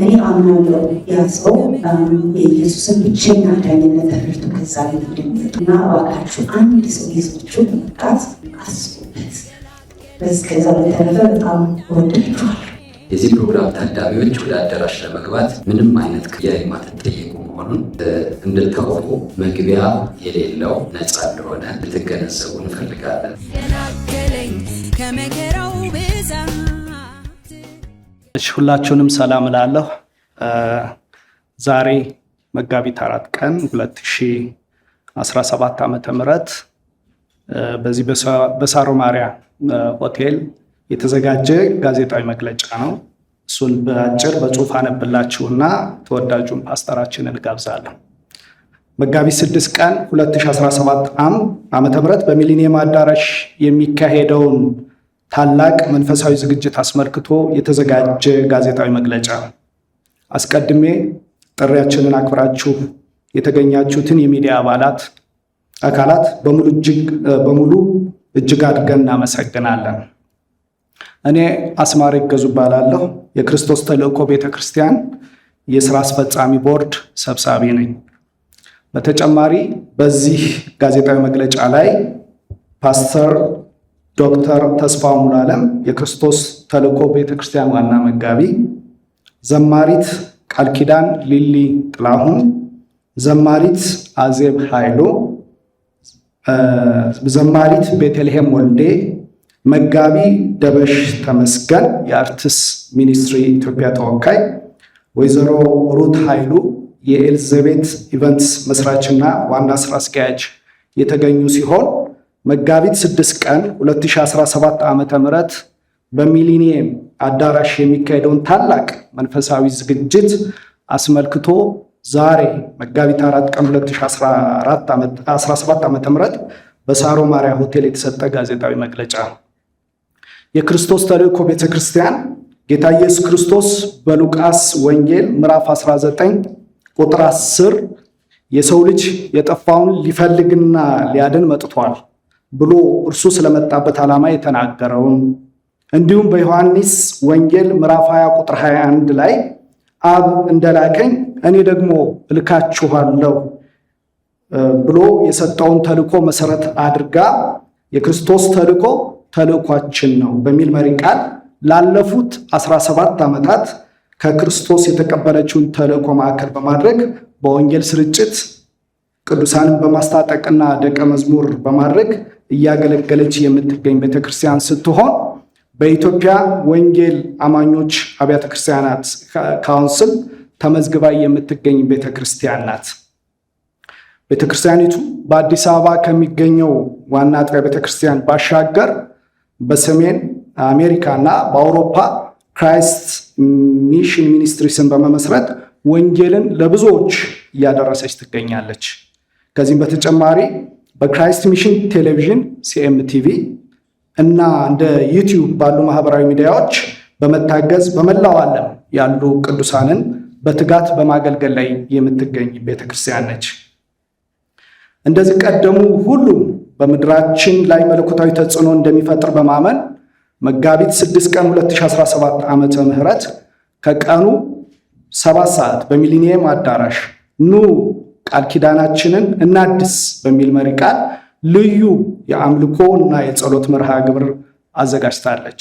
እኔ አምናለሁ ያ ሰው የኢየሱስን ብቸኛ ዳኝነት ተረድቶ ከዛ ላይ እንደሚወጡ እና እባካችሁ አንድ ሰው የሰዎቹን መምጣት አስቡበት። ከዛ በተረፈ በጣም ወዳችኋል። የዚህ ፕሮግራም ታዳሚዎች ወደ አዳራሽ ለመግባት ምንም አይነት ክፍያ የማትጠየቁ መሆኑን እንድታወቁ መግቢያ የሌለው ነፃ እንደሆነ ልትገነዘቡ እንፈልጋለን። ከመከራው ብዛት እሺ ሁላችሁንም ሰላም እላለሁ። ዛሬ መጋቢት አራት ቀን 2017 ዓመተ ምህረት በዚህ በሳሮ ማሪያ ሆቴል የተዘጋጀ ጋዜጣዊ መግለጫ ነው። እሱን በአጭር በጽሁፍ አነብላችሁና ተወዳጁን ፓስተራችንን እጋብዛለሁ። መጋቢት 6 ቀን 2017 ዓ ምህረት በሚሊኒየም አዳራሽ የሚካሄደውን ታላቅ መንፈሳዊ ዝግጅት አስመልክቶ የተዘጋጀ ጋዜጣዊ መግለጫ። አስቀድሜ ጥሪያችንን አክብራችሁ የተገኛችሁትን የሚዲያ አባላት አካላት በሙሉ እጅግ አድርገን እናመሰግናለን። እኔ አስማሪ ገዙ እባላለሁ። የክርስቶስ ተልእኮ ቤተክርስቲያን የስራ አስፈጻሚ ቦርድ ሰብሳቢ ነኝ። በተጨማሪ በዚህ ጋዜጣዊ መግለጫ ላይ ፓስተር ዶክተር ተስፋ ሙሉዓለም የክርስቶስ ተልእኮ ቤተክርስቲያን ዋና መጋቢ፣ ዘማሪት ቃልኪዳን ሊሊ ጥላሁን፣ ዘማሪት አዜብ ኃይሉ፣ ዘማሪት ቤተልሔም ወልዴ፣ መጋቢ ደበሽ ተመስገን የአርትስ ሚኒስትሪ ኢትዮጵያ ተወካይ፣ ወይዘሮ ሩት ኃይሉ የኤልዘቤት ኢቨንትስ መስራችና ዋና ስራ አስኪያጅ የተገኙ ሲሆን መጋቢት 6 ቀን 2017 ዓ ም በሚሊኒየም አዳራሽ የሚካሄደውን ታላቅ መንፈሳዊ ዝግጅት አስመልክቶ ዛሬ መጋቢት 4 ቀን 2017 ዓ ም በሳሮ ማሪያ ሆቴል የተሰጠ ጋዜጣዊ መግለጫ ነው። የክርስቶስ ተልእኮ ቤተ ክርስቲያን ጌታ ኢየሱስ ክርስቶስ በሉቃስ ወንጌል ምዕራፍ 19 ቁጥር 10 የሰው ልጅ የጠፋውን ሊፈልግና ሊያድን መጥቷል ብሎ እርሱ ስለመጣበት ዓላማ የተናገረውን እንዲሁም በዮሐንስ ወንጌል ምዕራፍ 20 ቁጥር 21 ላይ አብ እንደላከኝ እኔ ደግሞ እልካችኋለሁ ብሎ የሰጠውን ተልእኮ መሰረት አድርጋ የክርስቶስ ተልእኮ ተልእኳችን ነው በሚል መሪ ቃል ላለፉት 17 ዓመታት ከክርስቶስ የተቀበለችውን ተልእኮ ማዕከል በማድረግ በወንጌል ስርጭት ቅዱሳንን በማስታጠቅና ደቀ መዝሙር በማድረግ እያገለገለች የምትገኝ ቤተክርስቲያን ስትሆን በኢትዮጵያ ወንጌል አማኞች አብያተ ክርስቲያናት ካውንስል ተመዝግባ የምትገኝ ቤተክርስቲያን ናት። ቤተክርስቲያኒቱ በአዲስ አበባ ከሚገኘው ዋና አጥቢያ ቤተክርስቲያን ባሻገር በሰሜን አሜሪካ እና በአውሮፓ ክራይስት ሚሽን ሚኒስትሪስን በመመስረት ወንጌልን ለብዙዎች እያደረሰች ትገኛለች። ከዚህም በተጨማሪ በክራይስት ሚሽን ቴሌቪዥን ሲኤምቲቪ እና እንደ ዩቲዩብ ባሉ ማህበራዊ ሚዲያዎች በመታገዝ በመላው ዓለም ያሉ ቅዱሳንን በትጋት በማገልገል ላይ የምትገኝ ቤተክርስቲያን ነች። እንደዚህ ቀደሙ ሁሉም በምድራችን ላይ መለኮታዊ ተጽዕኖ እንደሚፈጥር በማመን መጋቢት 6 ቀን 2017 ዓመተ ምህረት ከቀኑ ሰባት ሰዓት በሚሊኒየም አዳራሽ ኑ ቃል ኪዳናችንን እናድስ በሚል መሪ ቃል ልዩ የአምልኮ እና የጸሎት መርሃ ግብር አዘጋጅታለች።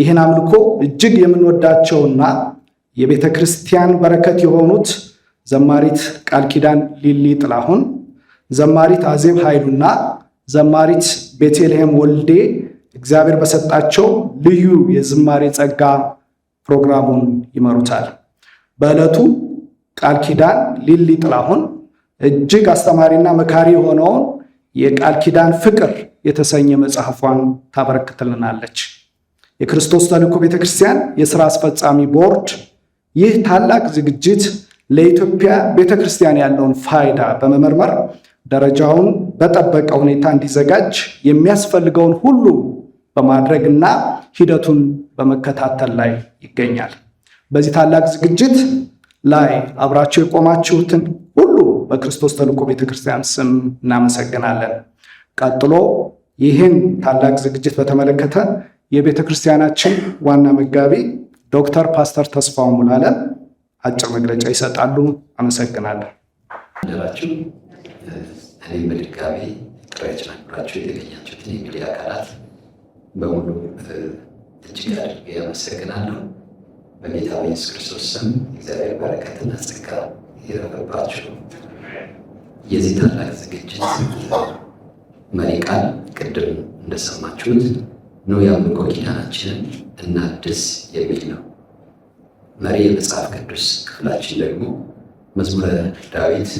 ይህን አምልኮ እጅግ የምንወዳቸውና የቤተ ክርስቲያን በረከት የሆኑት ዘማሪት ቃል ኪዳን ሊሊ ጥላሁን፣ ዘማሪት አዜብ ኃይሉና ዘማሪት ቤተልሔም ወልዴ እግዚአብሔር በሰጣቸው ልዩ የዝማሬ ጸጋ ፕሮግራሙን ይመሩታል። በዕለቱ ቃል ኪዳን ሊሊ ጥላሁን እጅግ አስተማሪና መካሪ የሆነውን የቃል ኪዳን ፍቅር የተሰኘ መጽሐፏን ታበረክትልናለች። የክርስቶስ ተልእኮ ቤተክርስቲያን የስራ አስፈጻሚ ቦርድ ይህ ታላቅ ዝግጅት ለኢትዮጵያ ቤተክርስቲያን ያለውን ፋይዳ በመመርመር ደረጃውን በጠበቀ ሁኔታ እንዲዘጋጅ የሚያስፈልገውን ሁሉ በማድረግና ሂደቱን በመከታተል ላይ ይገኛል። በዚህ ታላቅ ዝግጅት ላይ አብራችሁ የቆማችሁትን በክርስቶስ ተልእኮ ቤተክርስቲያን ስም እናመሰግናለን። ቀጥሎ ይህን ታላቅ ዝግጅት በተመለከተ የቤተክርስቲያናችን ዋና መጋቢ ዶክተር ፓስተር ተስፋው ሙላለ አጭር መግለጫ ይሰጣሉ። አመሰግናለን። በድጋሚ ጥሪያችን አክብራችሁ የተገኛችሁትን የሚዲያ አካላት በሙሉ እጅግ አድርጌ አመሰግናለሁ። በጌታ በኢየሱስ ክርስቶስ ስም እግዚአብሔር በረከትና ጸጋ ይረፍባችሁ። የዚህ ታላቅ ዝግጅት መሪ ቃል ቅድም እንደሰማችሁት ኑ የአምልኮ ኪዳናችንን እናድስ የሚል ነው። መሪ የመጽሐፍ ቅዱስ ክፍላችን ደግሞ መዝሙረ ዳዊት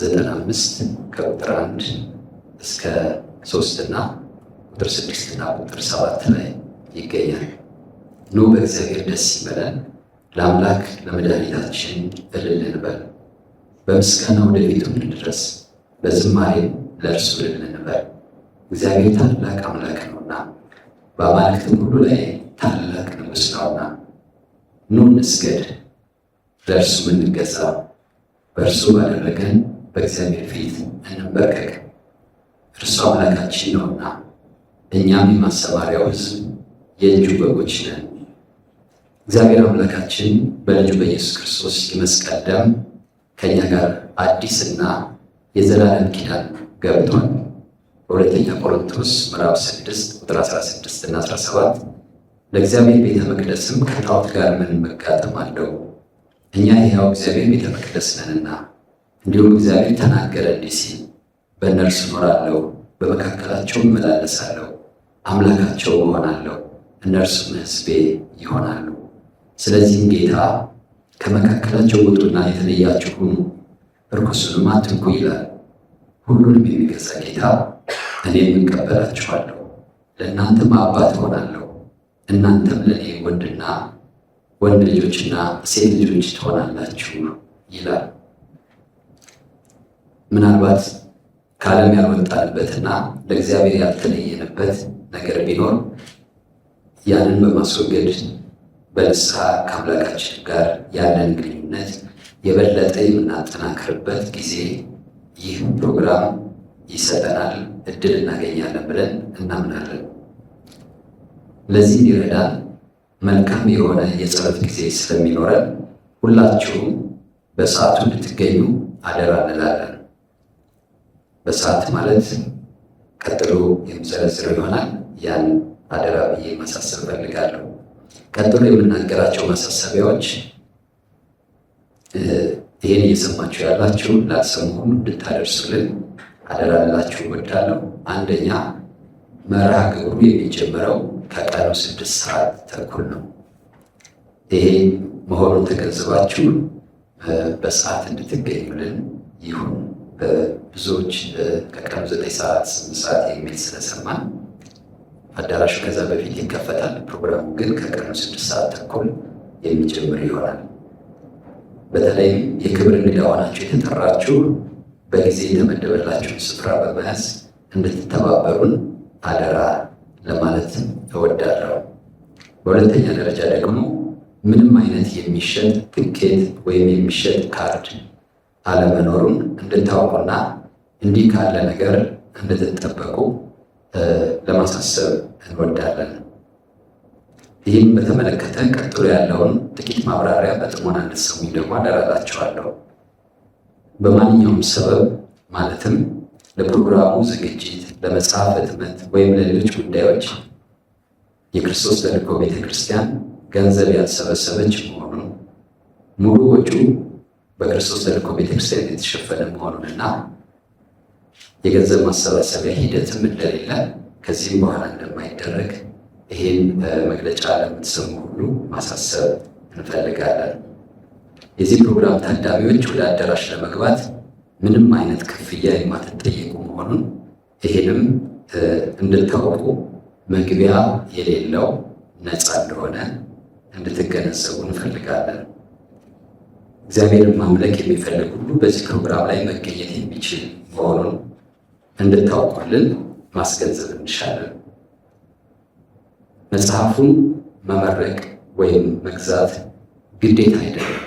95 ከቁጥር 1 እስከ 3 እና ቁጥር 6 እና ቁጥር 7 ላይ ይገኛል። ኑ በእግዚአብሔር ደስ ይበለን፣ ለአምላክ ለመድኃኒታችን እልል እንበል። በምስጋና ቤቱ እንድንደርስ በዝማሬ ለእርሱ ልንንበር። እግዚአብሔር ታላቅ አምላክ ነውና በአማልክትም ሁሉ ላይ ታላቅ ንጉሥ ነውና፣ ኑ እንስገድ፣ ለእርሱ እንገዛ፣ በእርሱ ባደረገን በእግዚአብሔር ፊት እንንበርከክ። እርሱ አምላካችን ነውና እኛም የማሰማሪያው ሕዝብ የእጁ በጎች ነን። እግዚአብሔር አምላካችን በልጁ በኢየሱስ ክርስቶስ የመስቀል ደም ከኛ ጋር አዲስና የዘላለም ኪዳን ገብቷል። በሁለተኛ ቆሮንቶስ ምዕራፍ 6 ቁጥር 16 እና 17 ለእግዚአብሔር ቤተ መቅደስም ከጣዖት ጋር ምን መጋጠም አለው? እኛ ሕያው እግዚአብሔር ቤተ መቅደስ ነንና፣ እንዲሁም እግዚአብሔር ተናገረ እንዲህ ሲል በእነርሱ እኖራለሁ፣ በመካከላቸው እመላለሳለሁ፣ አምላካቸው እሆናለሁ፣ እነርሱም ሕዝቤ ይሆናሉ። ስለዚህም ጌታ ከመካከላቸው ውጡና የተለያችሁ ሁኑ፣ እርኩስንም አትንኩ ይላል። ሁሉንም የሚገዛ ጌታ እኔም እንቀበላችኋለሁ፣ ለእናንተም አባት እሆናለሁ፣ እናንተም ለእኔ ወንድና ወንድ ልጆችና ሴት ልጆች ትሆናላችሁ ይላል። ምናልባት ከዓለም ያልወጣንበትና ለእግዚአብሔር ያልተለየንበት ነገር ቢኖር ያንን በማስወገድ በንስሐ ከአምላካችን ጋር ያለን ግንኙነት የበለጠ የምናጠናክርበት ጊዜ ይህ ፕሮግራም ይሰጠናል፣ እድል እናገኛለን ብለን እናምናለን። ለዚህ እንዲረዳን መልካም የሆነ የጸሎት ጊዜ ስለሚኖረን ሁላችሁም በሰዓቱ እንድትገኙ አደራ እንላለን። በሰዓት ማለት ቀጥሎ የምዘረዝረው ይሆናል። ያን አደራ ብዬ ማሳሰብ ፈልጋለሁ። ቀጥሎ የምናገራቸው ማሳሰቢያዎች ይህን እየሰማችሁ ያላችሁ ላልሰሙ ሁሉ እንድታደርሱልን አደራላችሁ እወዳለሁ። አንደኛ መርሃ ግብሩ የሚጀምረው ከቀኑ ስድስት ሰዓት ተኩል ነው። ይሄ መሆኑን ተገንዝባችሁ በሰዓት እንድትገኙልን ይሁን። ብዙዎች ከቀኑ ዘጠኝ ሰዓት ስምንት ሰዓት የሚል ስለሰማን አዳራሹ ከዛ በፊት ይከፈታል። ፕሮግራሙ ግን ከቀኑ ስድስት ሰዓት ተኩል የሚጀምር ይሆናል። በተለይ የክብር እንግዳ ሆናችሁ የተጠራችሁ በጊዜ የተመደበላችሁን ስፍራ በመያዝ እንድትተባበሩን አደራ ለማለት እወዳለሁ። በሁለተኛ ደረጃ ደግሞ ምንም አይነት የሚሸጥ ትኬት ወይም የሚሸጥ ካርድ አለመኖሩን እንድታውቁና እንዲህ ካለ ነገር እንድትጠበቁ ለማሳሰብ እንወዳለን። ይህም በተመለከተ ቀጥሎ ያለውን ጥቂት ማብራሪያ በጥሞና እንድትሰሙኝ ደግሞ አደራላችኋለሁ። በማንኛውም ሰበብ ማለትም ለፕሮግራሙ ዝግጅት፣ ለመጽሐፍ ህትመት ወይም ለሌሎች ጉዳዮች የክርስቶስ ተልእኮ ቤተ ክርስቲያን ገንዘብ ያልሰበሰበች መሆኑን ሙሉ ወጪው በክርስቶስ ተልእኮ ቤተ ክርስቲያን የተሸፈነ መሆኑንና የገንዘብ ማሰባሰቢያ ሂደትም እንደሌለ ከዚህም በኋላ እንደማይደረግ ይህን መግለጫ ለምትሰሙ ሁሉ ማሳሰብ እንፈልጋለን። የዚህ ፕሮግራም ታዳሚዎች ወደ አዳራሽ ለመግባት ምንም አይነት ክፍያ የማትጠየቁ መሆኑን ይህንም እንድታወቁ መግቢያ የሌለው ነፃ እንደሆነ እንድትገነዘቡ እንፈልጋለን። እግዚአብሔርን ማምለክ የሚፈልግ ሁሉ በዚህ ፕሮግራም ላይ መገኘት የሚችል መሆኑን እንድታውቁልን ማስገንዘብ እንሻለን። መጽሐፉን መመረቅ ወይም መግዛት ግዴታ አይደለም።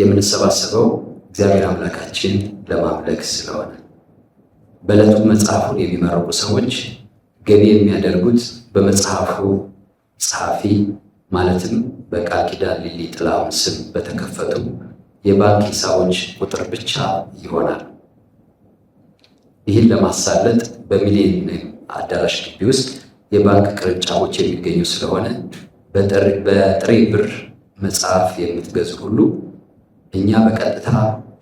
የምንሰባሰበው እግዚአብሔር አምላካችን ለማምለክ ስለሆነ በዕለቱ መጽሐፉን የሚመረቁ ሰዎች ገቢ የሚያደርጉት በመጽሐፉ ጸሐፊ ማለትም በቃል ኪዳን ሊሊ ጥላሁን ስም በተከፈቱ የባንክ ሂሳቦች ቁጥር ብቻ ይሆናል። ይህን ለማሳለጥ በሚሊኒየም አዳራሽ ግቢ ውስጥ የባንክ ቅርንጫፎች የሚገኙ ስለሆነ በጥሬ ብር መጽሐፍ የምትገዙ ሁሉ እኛ በቀጥታ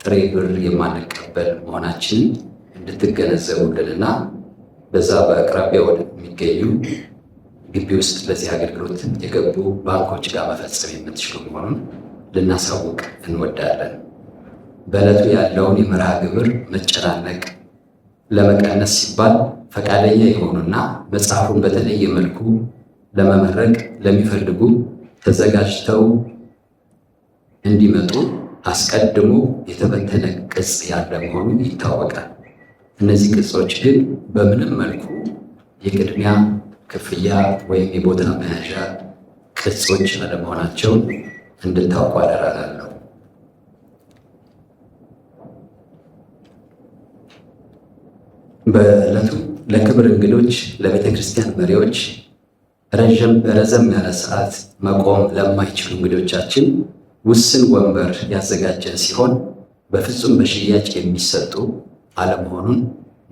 ጥሬ ብር የማንቀበል መሆናችንን እንድትገነዘቡልንና በዛ በአቅራቢያ ወደሚገኙ ግቢ ውስጥ ለዚህ አገልግሎት የገቡ ባንኮች ጋር መፈጸም የምትችሉ መሆኑን ልናሳውቅ እንወዳለን። በዕለቱ ያለውን የመርሃ ግብር መጨናነቅ ለመቀነስ ሲባል ፈቃደኛ የሆኑና መጽሐፉን በተለየ መልኩ ለመመረቅ ለሚፈልጉ ተዘጋጅተው እንዲመጡ አስቀድሞ የተበተነ ቅጽ ያለ መሆኑ ይታወቃል። እነዚህ ቅጾች ግን በምንም መልኩ የቅድሚያ ክፍያ ወይም የቦታ መያዣ ቅጾች አለመሆናቸውን እንድታውቁ አደራላለሁ። በዕለቱ ለክብር እንግዶች፣ ለቤተ ክርስቲያን መሪዎች፣ ረዥም ረዘም ያለ ሰዓት መቆም ለማይችሉ እንግዶቻችን ውስን ወንበር ያዘጋጀ ሲሆን በፍጹም በሽያጭ የሚሰጡ አለመሆኑን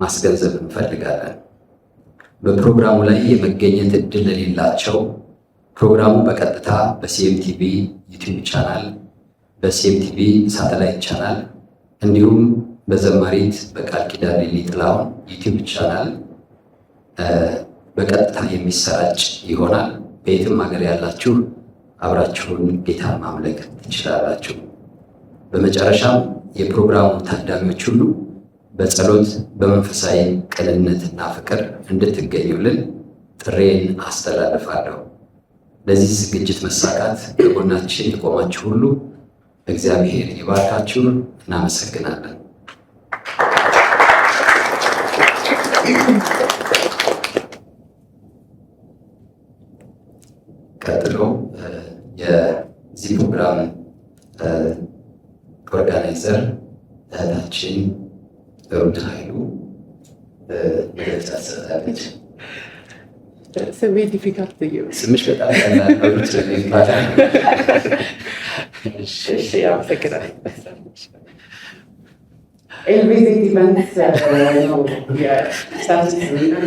ማስገንዘብ እንፈልጋለን። በፕሮግራሙ ላይ የመገኘት እድል ለሌላቸው ፕሮግራሙ በቀጥታ በሲኤምቲቪ ዩቲዩብ ቻናል፣ በሲኤምቲቪ ሳተላይት ቻናል እንዲሁም በዘማሪት በቃል ኪዳን ሊሊ ጥላሁን ዩቲዩብ ቻናል በቀጥታ የሚሰራጭ ይሆናል። በየትም ሀገር ያላችሁ አብራችሁን ጌታ ማምለክ ትችላላችሁ። በመጨረሻም የፕሮግራሙ ታዳሚዎች ሁሉ በጸሎት በመንፈሳዊ ቅንነትና ፍቅር እንድትገኙልን ጥሬን አስተላልፋለሁ። ለዚህ ዝግጅት መሳካት ከጎናችን የቆማችሁ ሁሉ እግዚአብሔር ይባርካችሁ። እናመሰግናለን። ቀጥሎ የዚህ ፕሮግራም ኦርጋናይዘር እህታችን ሩድ ኃይሉ መልእክት ስሜ ዲፊካልት ስምሽ በጣም ቀላል ነው። ኤልቬቴት ኢቨንት ነው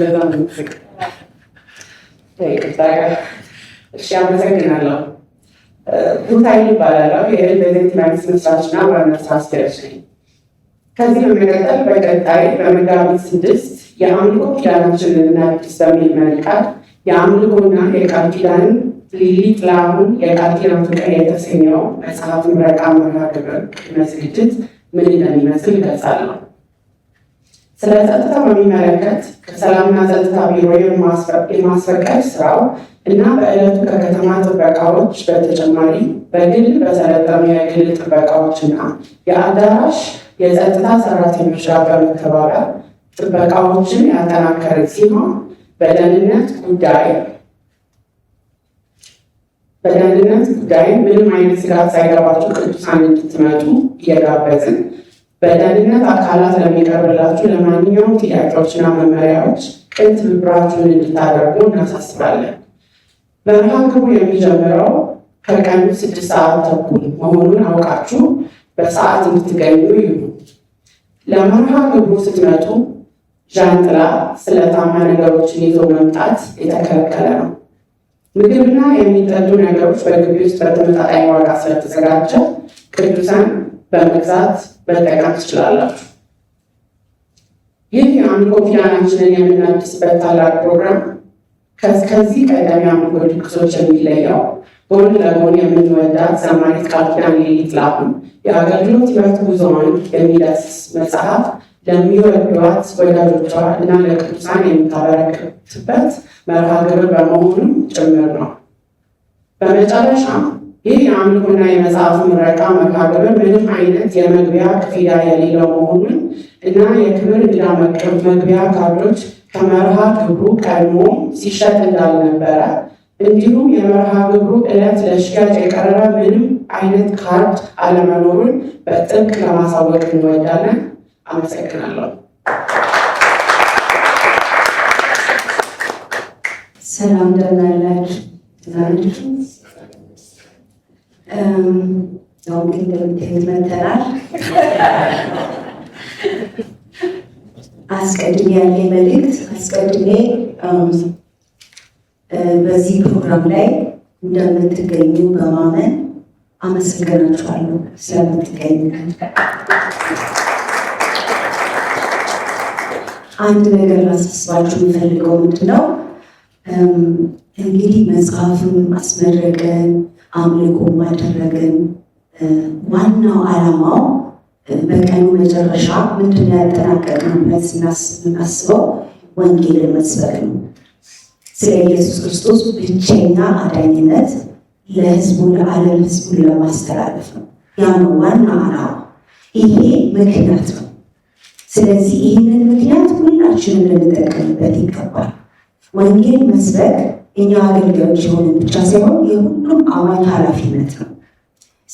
ለዛ ምትስቅ ቅርታ እሺ፣ አመሰግናለሁ። ቡታይ ይባላለው የኤልቬቴት ኢቨንት መስራችና ዋና አስኪያጅ ነኝ። ከዚህ በመቀጠል በቀጣይ በመጋቢት ስድስት የአምልኮ ኪዳናችንን እናድስ በሚል መሪ ቃል የአምልኮና የቃል ኪዳንን ሊሊ ጥላሁን የቃል ኪዳን ፍቅር የተሰኘው መጽሐፍ ምረቃ መርሃ ግብር ቅድመ ዝግጅት ምን እንደሚመስል ይገልጻል ነው። ስለ ጸጥታ በሚመለከት ከሰላምና ጸጥታ ቢሮ የማስፈቀድ ስራው እና በዕለቱ ከከተማ ጥበቃዎች በተጨማሪ በግል በሰለጠኑ የግል ጥበቃዎች እና የአዳራሽ የጸጥታ ሰራተኞች ጋር በመተባበር ጥበቃዎችን ያጠናከረ ሲሆን በደህንነት ጉዳይ በደህንነት ጉዳይ ምንም አይነት ስጋት ሳይገባችሁ ቅዱሳን እንድትመጡ እየጋበዝን በደህንነት አካላት ለሚቀርብላችሁ ለማንኛውም ጥያቄዎችና መመሪያዎች ቅን ትብብራችሁን እንድታደርጉ እናሳስባለን። መርሃ ግብሩ የሚጀምረው ከቀኑ ስድስት ሰዓት ተኩል መሆኑን አውቃችሁ በሰዓት እንድትገኙ ይሁን። ለመርሃ ግብሩ ስትመጡ ዣንጥላ፣ ስለታማ ነገሮችን ይዞ መምጣት የተከለከለ ነው። ምግብና የሚጠጡ ነገሮች በግቢ ውስጥ በተመጣጣኝ ዋጋ ስለተዘጋጀ ቅዱሳን በመግዛት መጠቀም ትችላላችሁ። ይህ የአምልኮ ኪዳናችንን የምናድስበት ታላቅ ፕሮግራም ከዚህ ቀደም የአምልኮ ድግሶች የሚለየው ጎን ለጎን የምንወዳት ዘማሪት ቃል ኪዳን ሌሊት ላሁን የአገልግሎት ህይወት ጉዞዋን የሚዳስስ መጽሐፍ ለሚወዷት ወዳጆቿ እና ለቅዱሳን የምታበረክትበት መርሃ ግብር በመሆኑም ጭምር ነው። በመጨረሻ ይህ የአምልኮና የመጽሐፍ ምረቃ መርሃ ግብር ምንም አይነት የመግቢያ ክፍያ የሌለው መሆኑን እና የክብር እንግዳ መግቢያ ካርዶች ከመርሃ ግብሩ ቀድሞ ሲሸጥ እንዳልነበረ እንዲሁም የመርሃ ግብሩ ዕለት ለሽያጭ የቀረበ ምንም አይነት ካርድ አለመኖሩን በጥብቅ ለማሳወቅ እንወዳለን። አመሰግናለሁ። ሰላም ደህና ያው እንግዲህ እንደምታዩት መተናል። አስቀድሜ ያለ መልእክት አስቀድሜ በዚህ ፕሮግራም ላይ እንደምትገኙ በማመን አመሰግናችኋለሁ ስለምትገኙ አንድ ነገር ላሳስባችሁ የምፈልገው ምንድነው እንግዲህ መጽሐፍም አስመረቀን አምልኮም አደረገን። ዋናው ዓላማው በቀኑ መጨረሻ ምንድን ያጠናቀቅነው ብለን ስናስበው ወንጌልን መስበክ ነው። ስለ ኢየሱስ ክርስቶስ ብቸኛ አዳኝነት ለህዝቡ ለዓለም ህዝቡን ለማስተላለፍ ነው። ያ ነው ዋና ዓላማ። ይሄ ምክንያት ነው ስለዚህ ይህንን ምክንያት ሁላችንም ልንጠቀምበት ይገባል። ወንጌል መስበክ እኛ አገልጋዮች የሆነ ብቻ ሳይሆን የሁሉም አማኝ ኃላፊነት ነው።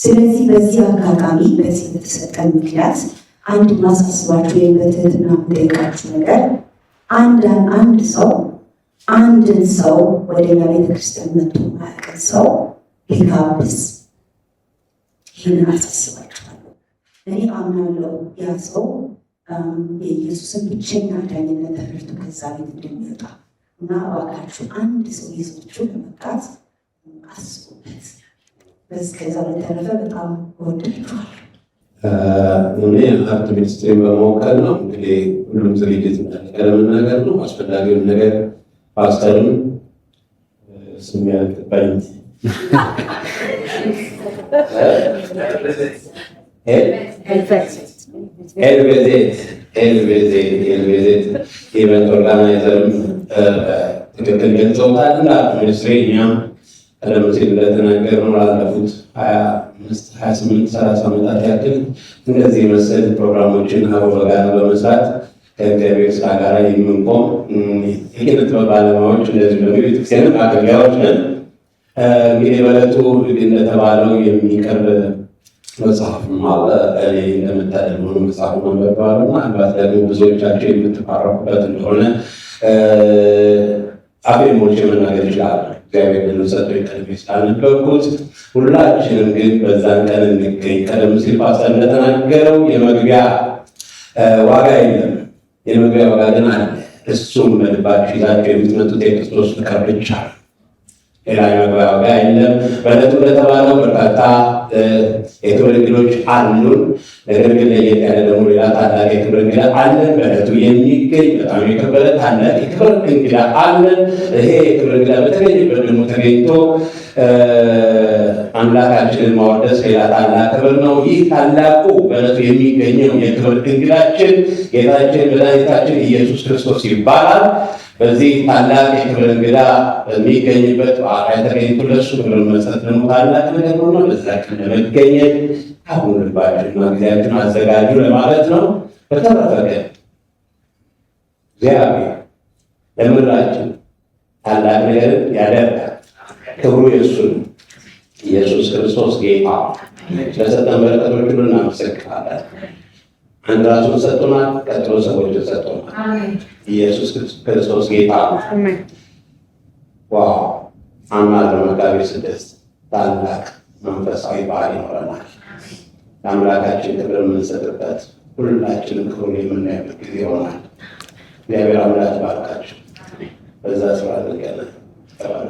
ስለዚህ በዚህ አጋጣሚ በዚህ በተሰጠን ምክንያት አንድ ማሳስባችሁ ወይም በትህትና የምጠይቃችሁ ነገር አንድ ሰው አንድን ሰው ወደ ኛ ቤተክርስቲያን መጥቶ ማያውቅን ሰው ቢጋብዝ ይህንን አሳስባችኋለሁ። እኔ አምናለሁ ያ ሰው የኢየሱስን ብቸኛ ዳኝነት ተረድቶ ከዛ ቤት እንደሚወጣ እና እባካችሁ አንድ ሰው ይዞቹ ለመቃት አስቡበት። ከዛ በተረፈ በጣም እወዳችኋለሁ። እኔ ሀብት ሚኒስትሪ በመወከል ነው እንግዲህ ሁሉም ዝግጅት እንዳለቀ ለመናገር ነው። አስፈላጊውን ነገር ፓስተርም ስም ያልገባኝ ኤልፌክስ ኤልቤዜት ኤልቤዜት ኤልቤዜት ኢቨንት ኦርጋናይዘርም ትክክል ገልጸውታል። አድሚኒስትሬ እኛም ቀደም ሲል እንደተናገርነው ላለፉት ሀያ ስምንት ሰላሳ ዓመታት ያክል እንደዚህ መሰል ፕሮግራሞችን አብሮ በጋራ በመስራት ከእግዚአብሔር ስራ ጋር የምንቆም የኪነ ጥበብ ባለሙያዎች እንደዚህ ደግሞ ቤተክርስቲያን አገልጋዮች ነን። እንግዲህ በዕለቱ እንደተባለው የሚቀርብ መጽሐፍም አለ እኔ እንደምታደርጉን መጽሐፍ ማንበብ ባለና ምናልባት ደግሞ ብዙዎቻቸው የምትባረኩበት እንደሆነ አፌ ሞልቼ መናገር ይችላል። እግዚአብሔር ልንሰጠ ቀድሜ ስላነበብኩት ሁላችንም ግን በዛን ቀን እንገኝ። ቀደም ሲል ፓስተር እንደተናገረው የመግቢያ ዋጋ የለም፣ የመግቢያ ዋጋ ግን አለ። እሱም በልባችሁ ይዛቸው የምትመጡት የክርስቶስ ፍቅር ብቻ ነው። ሌላ የመግቢያ ዋጋ የለም። በዕለቱ እንደተባለው በርካታ የክብር እንግዶች አሉን። ነገር ግን ለየት ያለ ደግሞ ሌላ ታላቅ የክብር እንግዳ አለን። በዕለቱ የሚገኝ በጣም የከበረ ታላቅ የክብር እንግዳ አለን። ይሄ የክብር እንግዳ በተገኘበት ደግሞ ተገኝቶ አምላካችንን ማወደስ ሌላ ታላቅ ክብር ነው። ይህ ታላቁ በዕለቱ የሚገኘው የክብር እንግዳችን ጌታችን መድኃኒታችን ኢየሱስ ክርስቶስ ይባላል። በዚህ ታላቅ የክብር እንግዳ በሚገኝበት በዓል ላይ ተገኝቶ ለእሱ ክብር መስጠት ደግሞ ታላቅ ነገር ሆኖ ለዛ ለመገኘት አሁን ልባችሁና ጊዜያችሁን አዘጋጁ ለማለት ነው። በተረፈ ግን እግዚአብሔር ለምድራችን ታላቅ ነገር ያደርጋል። ክብሩ የእሱ ኢየሱስ ክርስቶስ ጌታ ስለሰጠን በረከቶች ሁሉ እናመሰግናለን። አንድ ራሱን ሰጥቶናል። ቀጥሎ ሰዎችን ሰጥቶናል። ኢየሱስ ክርስቶስ ጌታ ዋው አምላክ መጋቢት ስድስት ታላቅ መንፈሳዊ በዓል ይኖረናል። ለአምላካችን ክብር የምንሰጥበት ሁላችንም ክብሩን የምናይበት ጊዜ ይሆናል። እግዚአብሔር አምላክ ባርካችሁ። በዛ ስራ ልንገናኝ ተባለ